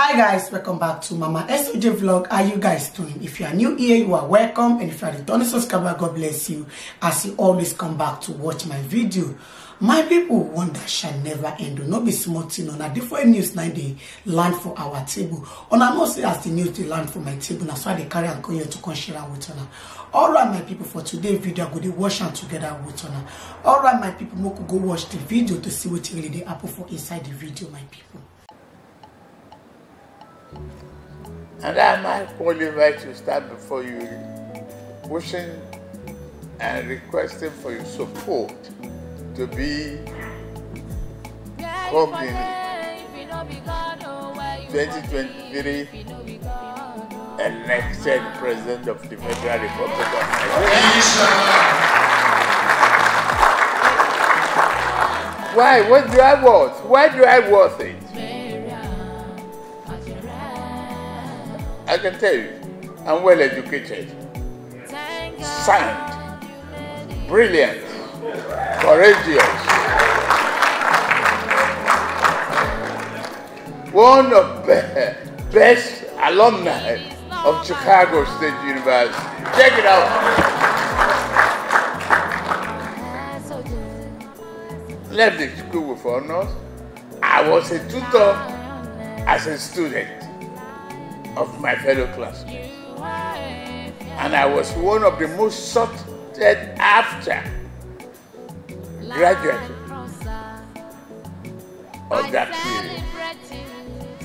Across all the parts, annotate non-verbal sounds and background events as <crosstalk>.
hi guys welcome back to mama soj vlog how you guys doing if you are new here you are welcome and if you are returning subscriber god bless you as you always come back to watch my video my people wonder shall never end no be small thing on a different news na they land for our table una know say as the news they land for my table na so they carry and come here to come share am with una all right my people for today's video go dey wash and together with una all right my people make go watch the video to see what really they happen for inside the video my people And I might qualify to stand before you wishing and requesting for your support to be hoping in 2023 elected president of the Federal Republic of Nigeria. Why? What do I want? Why do I want it? I can tell you, I'm well educated, sound, brilliant, courageous. One of the best alumni of Chicago State University. Check it out. Left the school with honors. I was a tutor as a student of my fellow classmates. And I was one of the most sought after graduates of that period,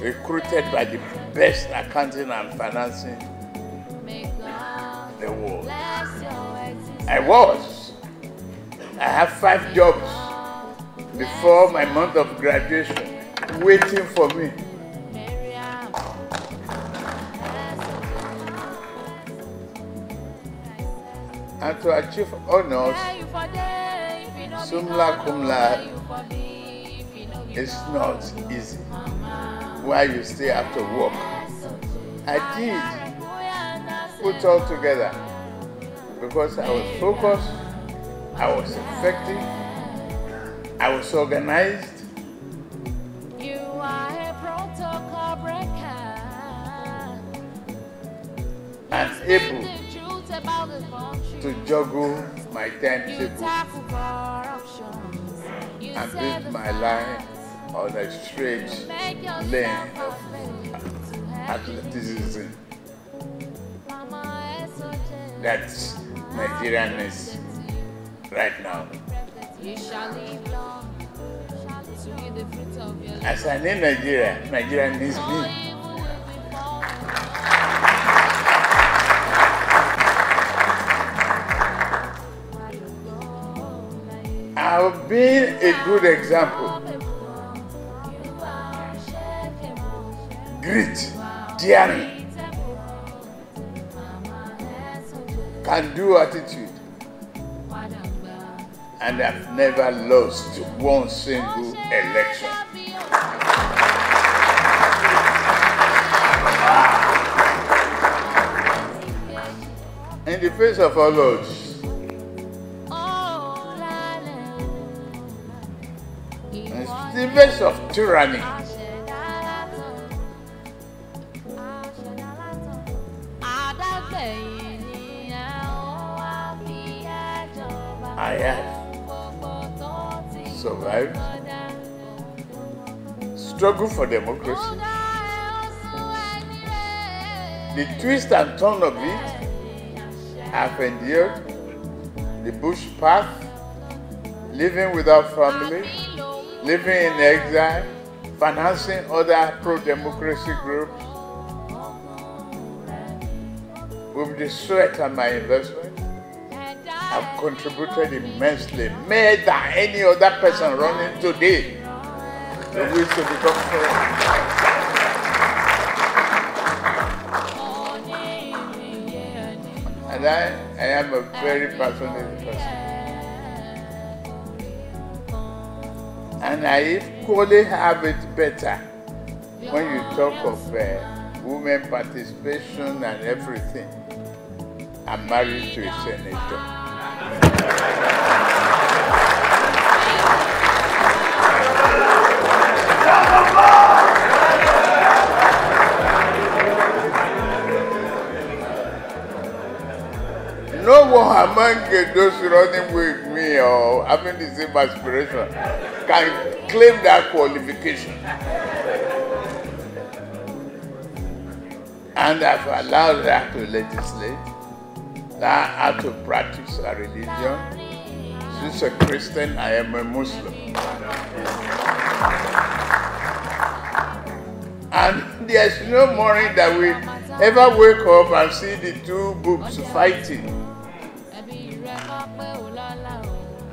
recruited by the best accounting and financing in the world. I was. I have five jobs before my month of graduation waiting for me. and to achieve honors sumla kumla is not easy while you stay after work. I ah, did put all together because I was focused, I was effective, I was organized, juggle my timetable and build my life on a straight lane of athleticism that's Nigerianness right now. As I name Nigeria, Nigeria needs me. Being a good example. Greet daring. Can do attitude. And I've never lost one single election. In the face of our Lord. bondage of tyranny. I have survived, struggle for democracy, the twist and turn of it, have endured, the bush path, living without family, living in exile, financing other pro-democracy groups with the sweat my investment. I've contributed immensely, more than any other person running today. The wish to become foreign. And I, I am a very passionate person. And I equally have it better when you talk of uh, women participation and everything. I'm married to a senator. No one among those running with me or having the same aspiration can claim that qualification. And I've allowed that to legislate, that how to practice a religion. Since a Christian, I am a Muslim. And there's no morning that we ever wake up and see the two books fighting.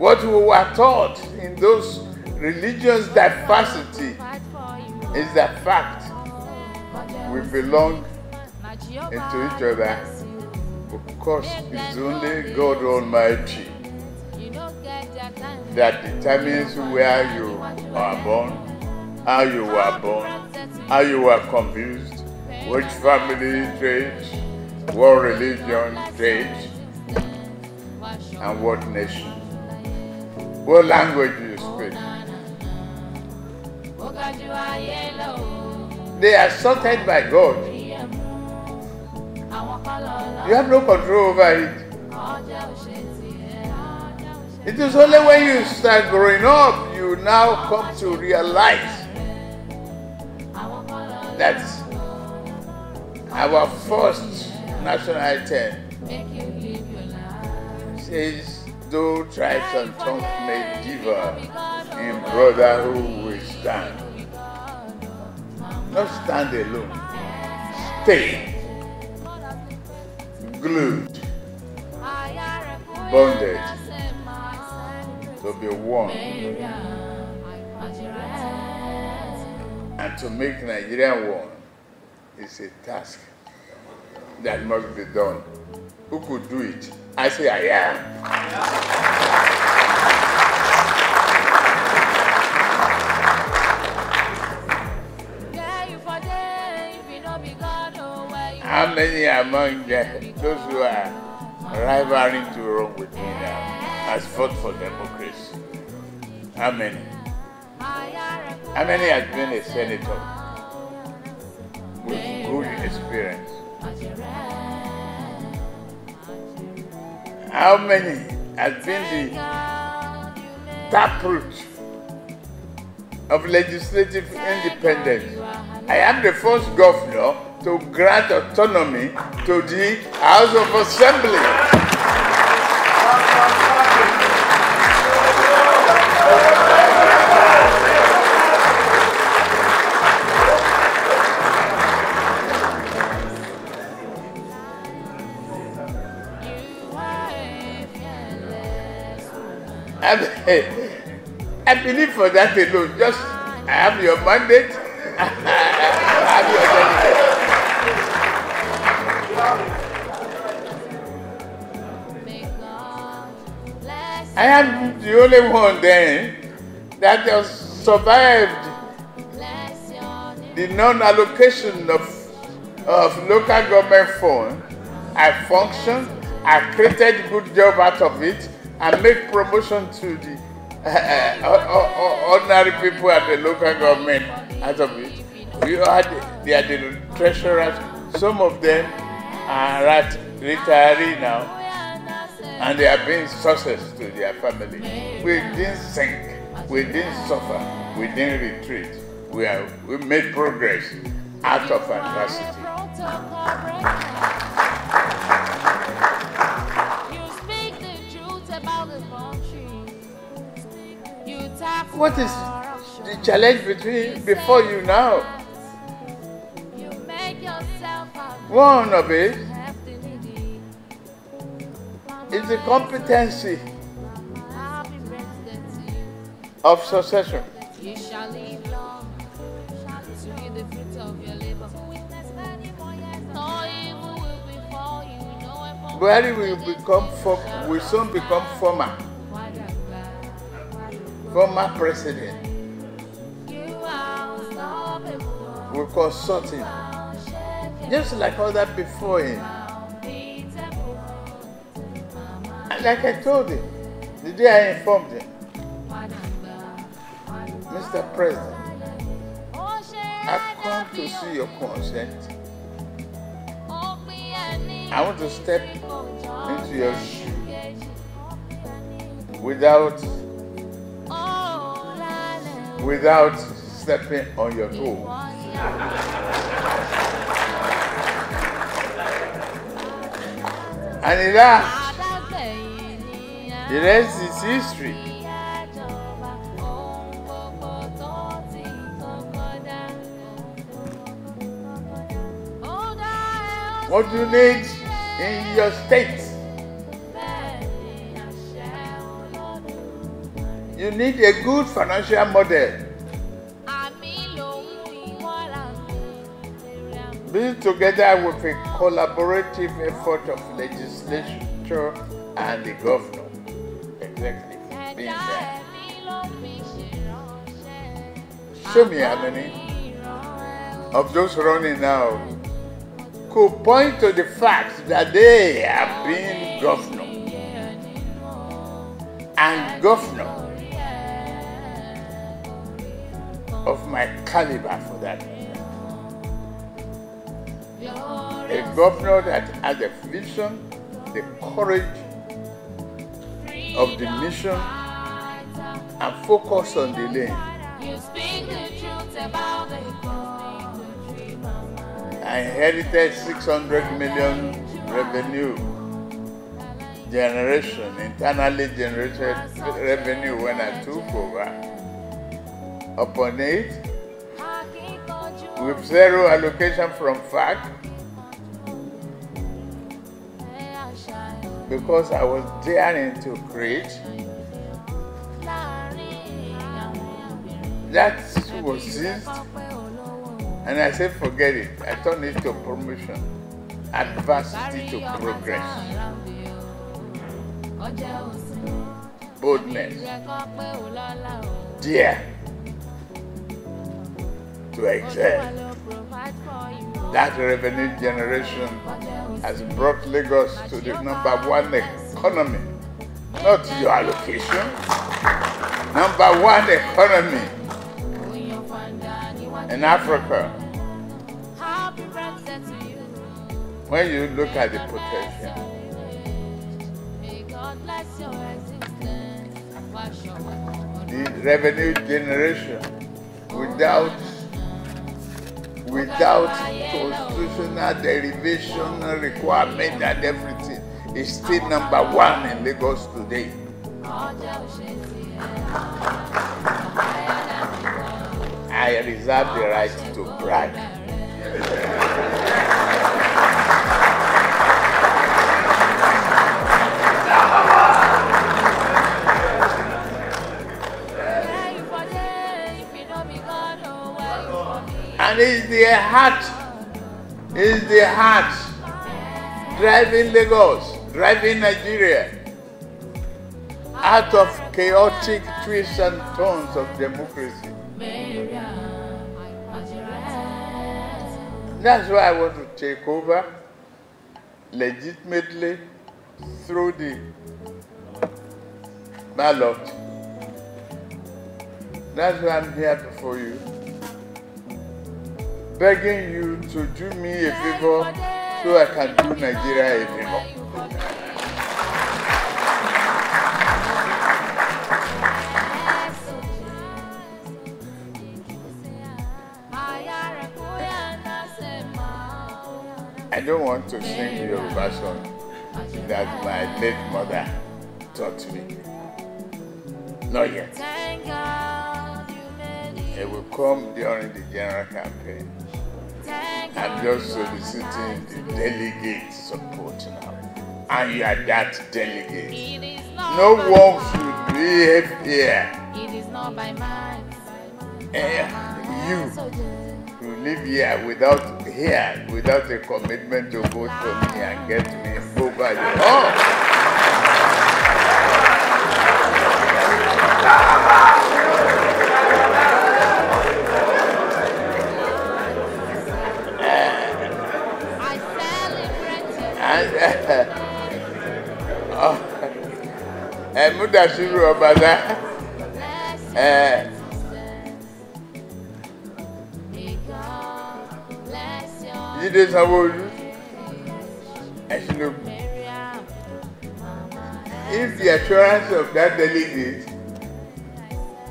What we were taught in those religious diversity is the fact we belong into each other because it's only God Almighty that determines where you are born, how you were born, how you were confused, which family trait, what religion trait, and what nation. What language do you speak? They are sorted by God. You have no control over it. It is only when you start growing up, you now come to realize that our first national anthem says, though tribes and tongues may differ, in brotherhood we stand. Not stand alone, stay glued, bonded to be one and to make Nigeria one is a task that must be done. Who could do it? I say I am. Yeah. How many among those who are rivaling to Rome with me now has fought for democracy? How many? How many has been a senator with good experience? How many has been the taproot of legislative independence? I am the first governor to grant autonomy to the House of Assembly. I believe for that alone. Just I have your mandate. <laughs> I have your I am the only one then that has survived the non-allocation of, of local government fund. I functioned, I created good job out of it, I made promotion to the <laughs> ordinary people at the local government out of it. had, they are the treasurers. Some of them are at retiree now, and they have been sources to their family. We didn't sink, we didn't suffer, we didn't retreat. We, are, we made progress out of adversity. What is the challenge between before you now? One of it is the competency of succession. You will befall you, Buhari will become, will soon become former former president will consult him just like all that before him. like I told him, the day I informed him, Mr. President, I've come to see your consent. I want to step into your shoes without without stepping on your toes. and in that, the rest is history. What do you need in your state You need a good financial model. This together with a collaborative effort of legislature and the governor. Exactly. Being there. Show me how many of those running now could point to the fact that they have been governor and governor caliber for that. A governor that has the vision, the courage of the mission, and focus on the lane. I inherited 600 million revenue generation, internally generated revenue when I took over. Upon it, with zero allocation from fact because I was daring to create. That was seized and I said forget it. I turned it to promotion, adversity to progress. Boldness. Dear. Yeah to excel. That revenue generation has brought Lagos to the number one economy, not your allocation, number one economy in Africa. When you look at the potential, the revenue generation without without constitutional derivation requirement and everything is still number one in Lagos today. I reserve the right to brag. And it's the heart, it's the heart driving Lagos, driving Nigeria out of chaotic twists and turns of democracy. That's why I want to take over legitimately through the ballot. That's why I'm here before you. begging you to do me a favor so I can do Nigeria a favor. I don't want to sing your version that my late mother taught me. Not yet. It will come during the general campaign. I'm just soliciting the delegate support now. And you are that delegate. No one should be here. It is not by mind. you, you live here without here, without a commitment to vote for me and get me over your own. ẹ Múdàṣírù Ọbàtá ẹ. Jídé Sanwó-Olú Ashinobu. If the assurance of that delegate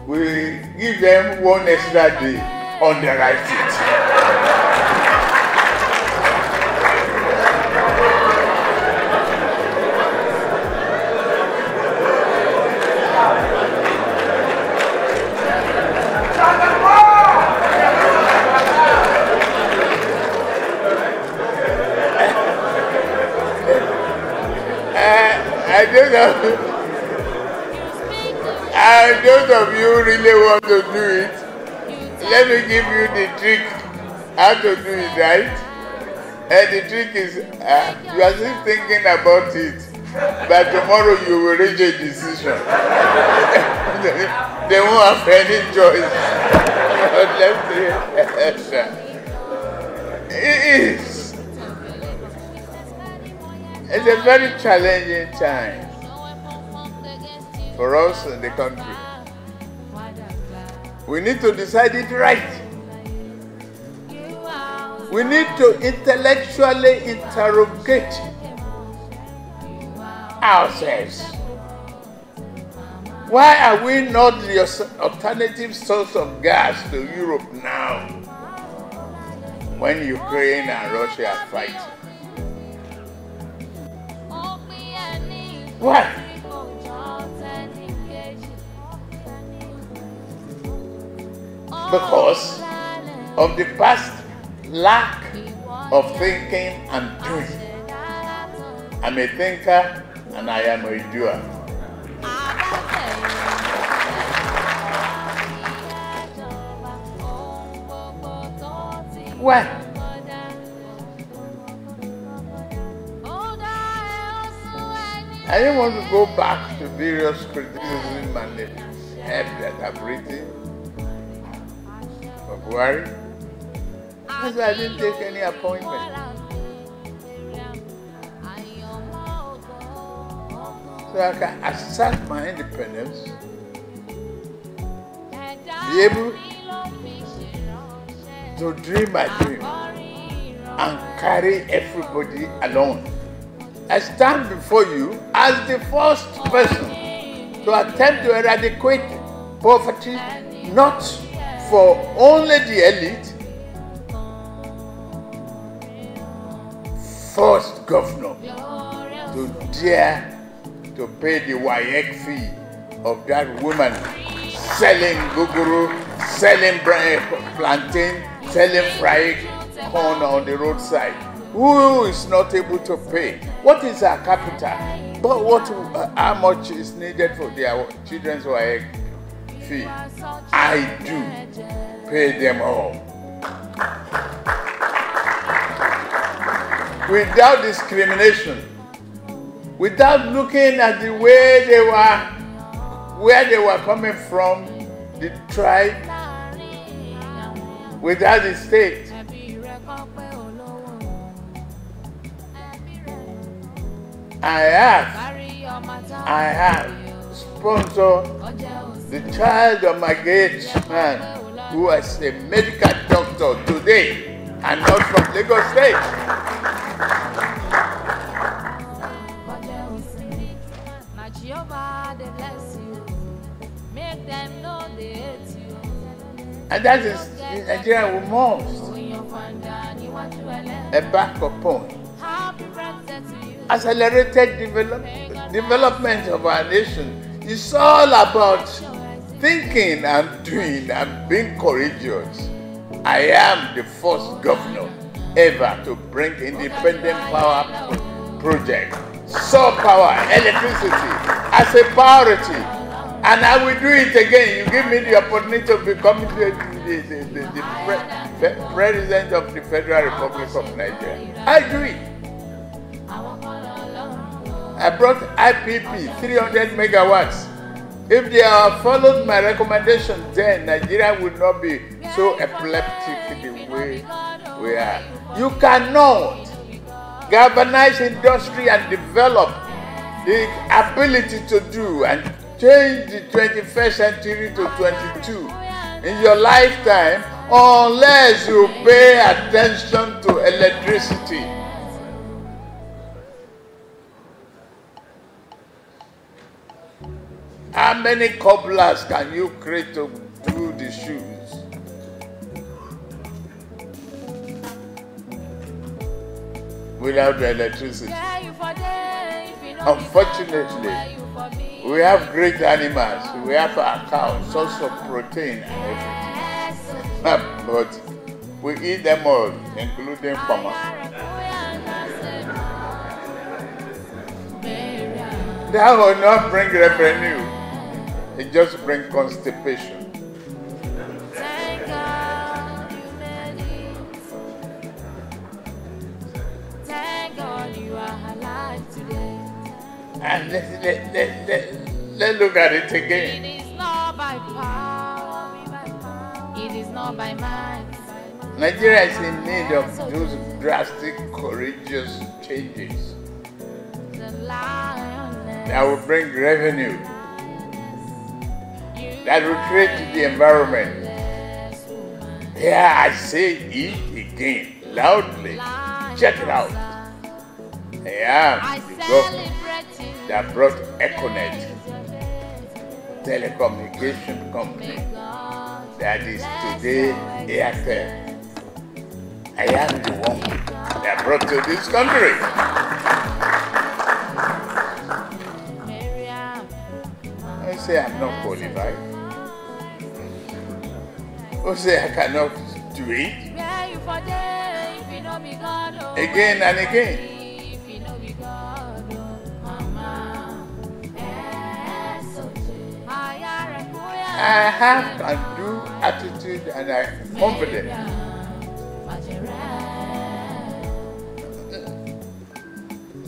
will give them one extra day on the right seat. both of you really want to do it, let me give you the trick how to do it, right? And the trick is uh, you are still thinking about it. but tomorrow you will reach a decision. <laughs> they won't have any choice. <laughs> Let's see. it is. It's a very challenging time for us in the country. We need to decide it right. We need to intellectually interrogate ourselves. Why are we not the alternative source of gas to Europe now when Ukraine and Russia are fighting? What? because of the past lack of thinking and doing. I'm a thinker and I am a doer. Why? I don't want to go back to various criticism and help that I've written worried because I didn't take any appointment. So I can assert my independence, be able to dream my dream and carry everybody along. I stand before you as the first person to attempt to eradicate poverty, not for only the elite, first governor to dare to pay the WAEC fee of that woman selling guguru, selling bread plantain, selling fried corn on the roadside. Who is not able to pay? What is her capital? But what, uh, how much is needed for their children's WAEC? see, I do pay them all. Without discrimination, without looking at the way they were, where they were coming from, the tribe, without the state. I have, I have sponsored the child of my great man who was a medical doctor today and not from Lagos State. And that is in Nigeria we must a back upon accelerated develop, development of our nation. is all about thinking and doing and being courageous, I am the first governor ever to bring independent power project, solar power, electricity as a priority. And I will do it again. You give me the opportunity to become the, the, the, the, the pre president of the Federal Republic of Nigeria. I do it. I brought IPP, 300 megawatts. If they have followed my recommendation, then Nigeria will not be so epileptic the way oh. we are. You cannot galvanize industry and develop the ability to do and change the 21st century to 22 in your lifetime unless you pay attention to electricity. How many cobblers can you create to do the shoes? Without the electricity. Unfortunately, we have great animals. We have our cows, source of protein and everything. <laughs> but we eat them all, including farmers. That will not bring revenue. It just brings constipation. And let, let, let, let, let look at it again. It is not by power, it is not by might. Nigeria is in need of those drastic, courageous changes that will bring revenue. that will create the environment. Yeah, I say it again, loudly. Check it out. I am the government that brought Econet, telecommunication company, that is today Airtel. I am the one that brought to this country. I say I'm not qualified. Who say I cannot do it? Again and again. I have a new attitude and I'm confident.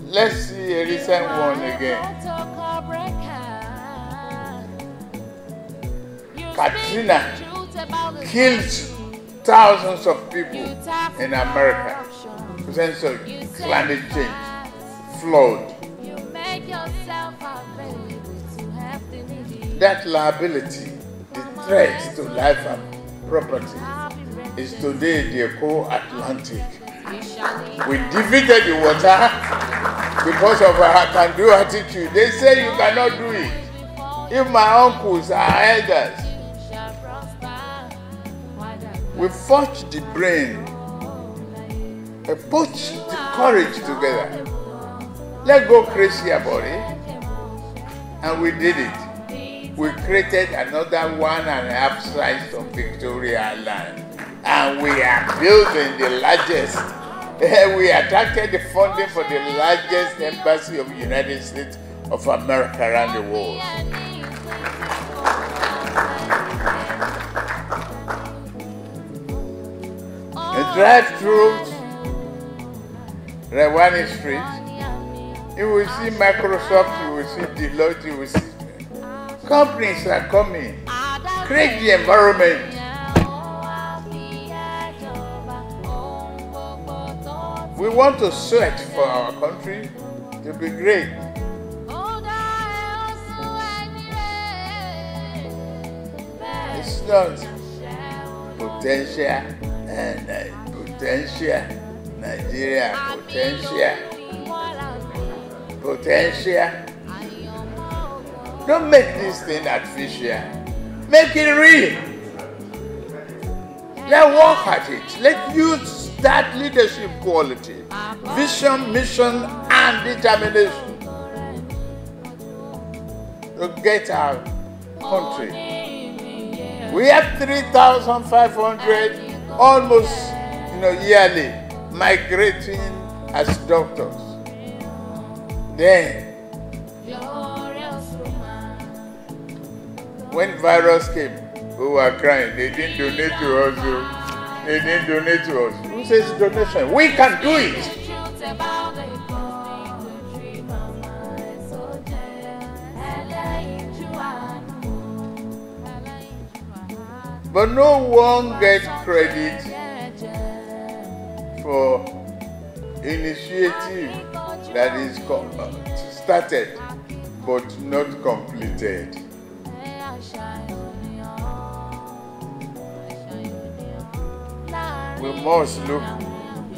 Let's see a recent one again. Katrina killed thousands of people in America because of climate change, flood. That liability, the threat to life and property, is today the whole Atlantic. We defeated the water because of our can-do attitude. They say you cannot do it. If my uncles are elders, We forge the brain and put the courage together. Let go crazy about it. And we did it. We created another one and a half size of Victoria Island. And we are building the largest. Eh, we attracted the funding for the largest embassy of the United States of America around the world. drive through Rewani Street, you will see Microsoft, you will see Deloitte, you will see companies are coming. Create the environment. We want to search for our country to be great. It's not potential and. Uh, potential Nigeria potential potential don't make this thing artificial make it real let work at it let use that leadership quality, vision, mission, and determination to get our country. We have three thousand five hundred, almost know, yearly migrating as doctors. Then, when virus came, we were crying. They didn't donate to us. Oh. They didn't donate to us. Who says donation? We can do it. But no one gets credit for initiative that is started but not completed. We must look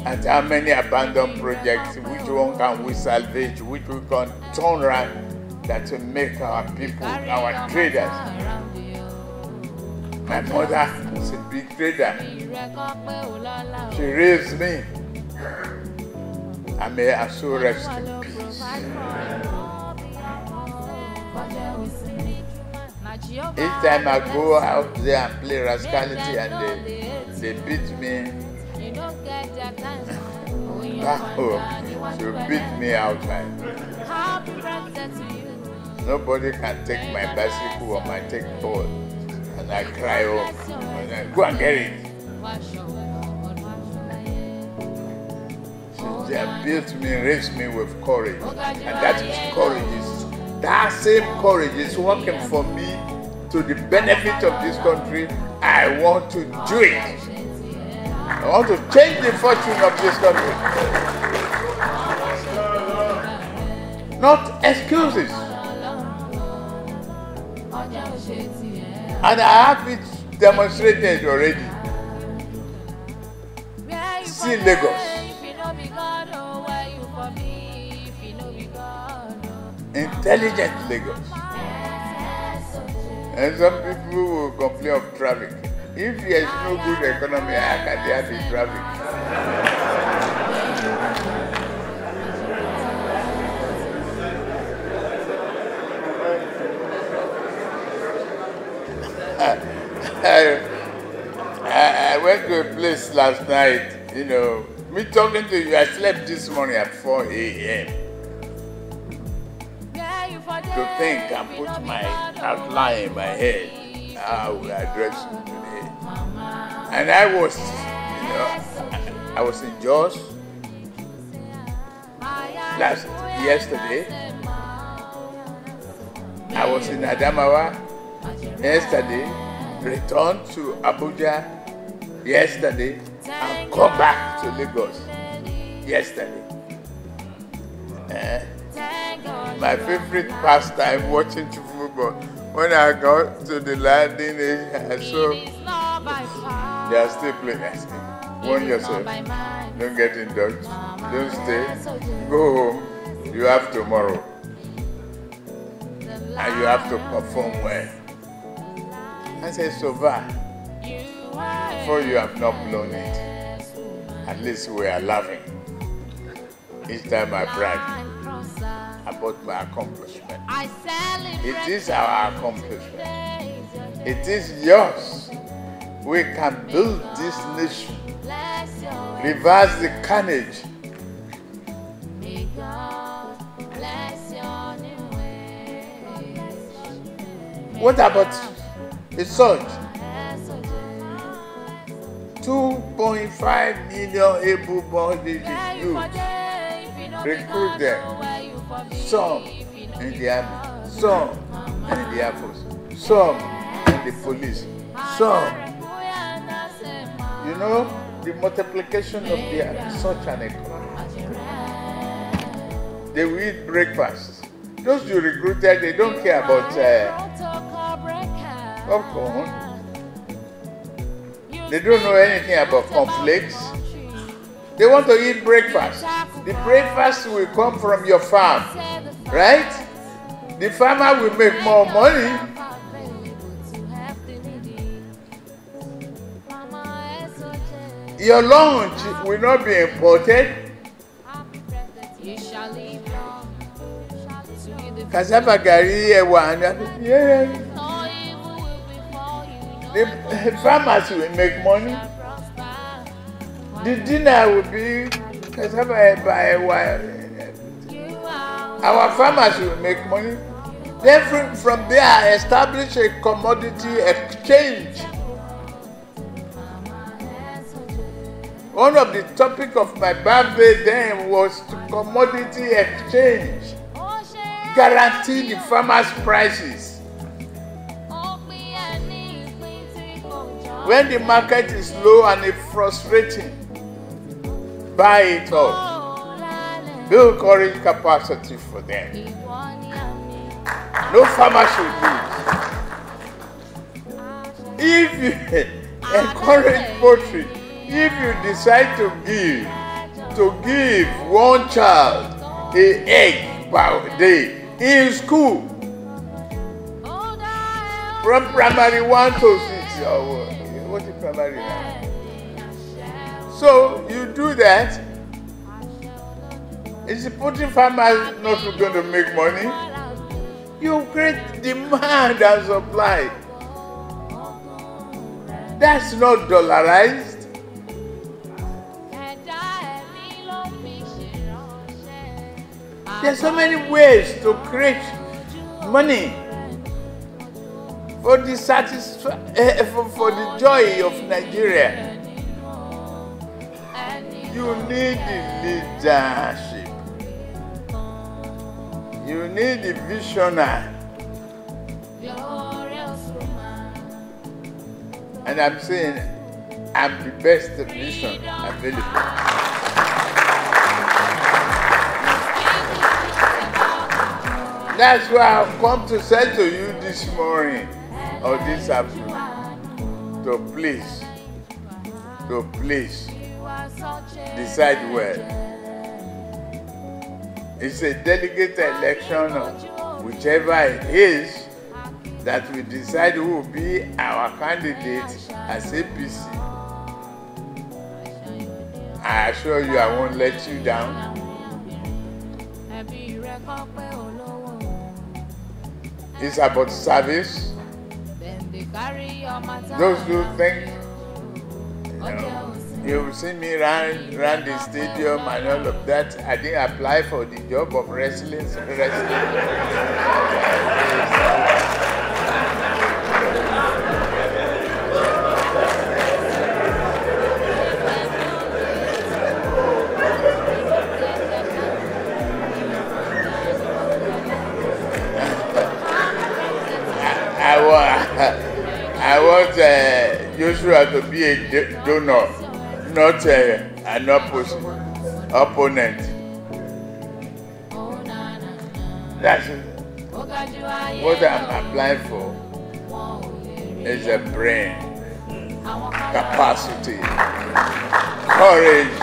at how many abandoned projects, which one can we salvage, which we can turn around that will make our people, our traders, My mother is a big trader. She raised me. I may her soul rest in peace. Each time I go out there and play rascality and they, they beat me back <laughs> home, ah, oh, beat me outside. Nobody can take my bicycle or my take pole and I cry off. go and get it. They have built me, raised me with courage. And that is courage is that same courage is working for me to the benefit of this country. I want to do it. I want to change the fortune of this country. Not excuses. And I have it demonstrated already. See Lagos. Intelligent Lagos. And some people will complain of traffic. If there is no good economy, I can there be traffic? I, I went to a place last night, you know, me talking to you, I slept this morning at 4 a.m. To think and put my outline in my head, how will address you today? And I was, you know, I, I was in Jaws last yesterday. I was in Adamawa yesterday returned to Abuja yesterday and come back to Lagos yesterday. Uh, my favorite pastime watching football. When I got to the landing area, I saw they are still playing. I said, warn yourself. Don't get indulged. Don't stay. Go home. You have tomorrow. And you have to perform well. I said, Soba, for you have not blown it, at least we are laughing. Each time I brag about my accomplishment. It is our accomplishment. It is yours. We can build this nation, reverse the carnage. What about you? a surge. 2.5 million able-bodied Recruit them. some in the army, some in the air force, some in the police, some. You know, the multiplication of the, such an economy. They will eat breakfast. Those you recruited, they don't care about uh, of course. They don't know anything about conflicts. They want to eat breakfast. The breakfast will come from your farm, right? The farmer will make more money. Your lunch will not be imported. Cassava gari, yeah. the farmers will make money. The dinner will be cassava by our farmers will make money. Then from, from there, establish a commodity exchange. One of the topic of my birthday then was to commodity exchange, guarantee the farmers' prices. When the market is low and it's frustrating, buy it up. Build courage capacity for them. No farmer should do it. If you <laughs> encourage poultry, if you decide to give, to give one child an egg per day in school, from primary one to six, or what? go to primary now. So you do that. Is the poultry farmer not going to make money? You create demand and supply. That's not dollarized. There's so many ways to create money for the satisfaction, uh, eh, eh, for, for the joy of Nigeria. You need the leadership. You need the visionary. And I'm saying I'm the best vision available. That's why I've come to say to you this morning of this afternoon to please to please decide well. It's a delegate election of uh, whichever it is that we decide who will be our candidate as APC. I assure you I won't let you down. It's about service. Those who think, you know, you see me run, run the stadium and all of that. I didn't apply for the job of wrestling. wrestling. Do not, not a, uh, an opposite, opponent. That's what I'm applying for is a brain, capacity, courage,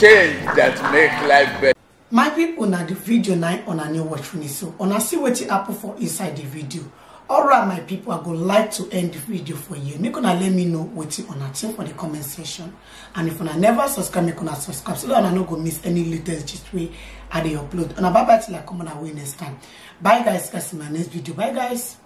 change that make life better. my people, now the video na on a new watch me so a see wetin happen for inside the video alright my people, i go like to end the video for you make una let me know wetin una think for the comment section and if una never subscribe make una subscribe so that una no go miss any latest just way i dey upload una bye bye till i come on away next time bye guys guys in my next video bye guys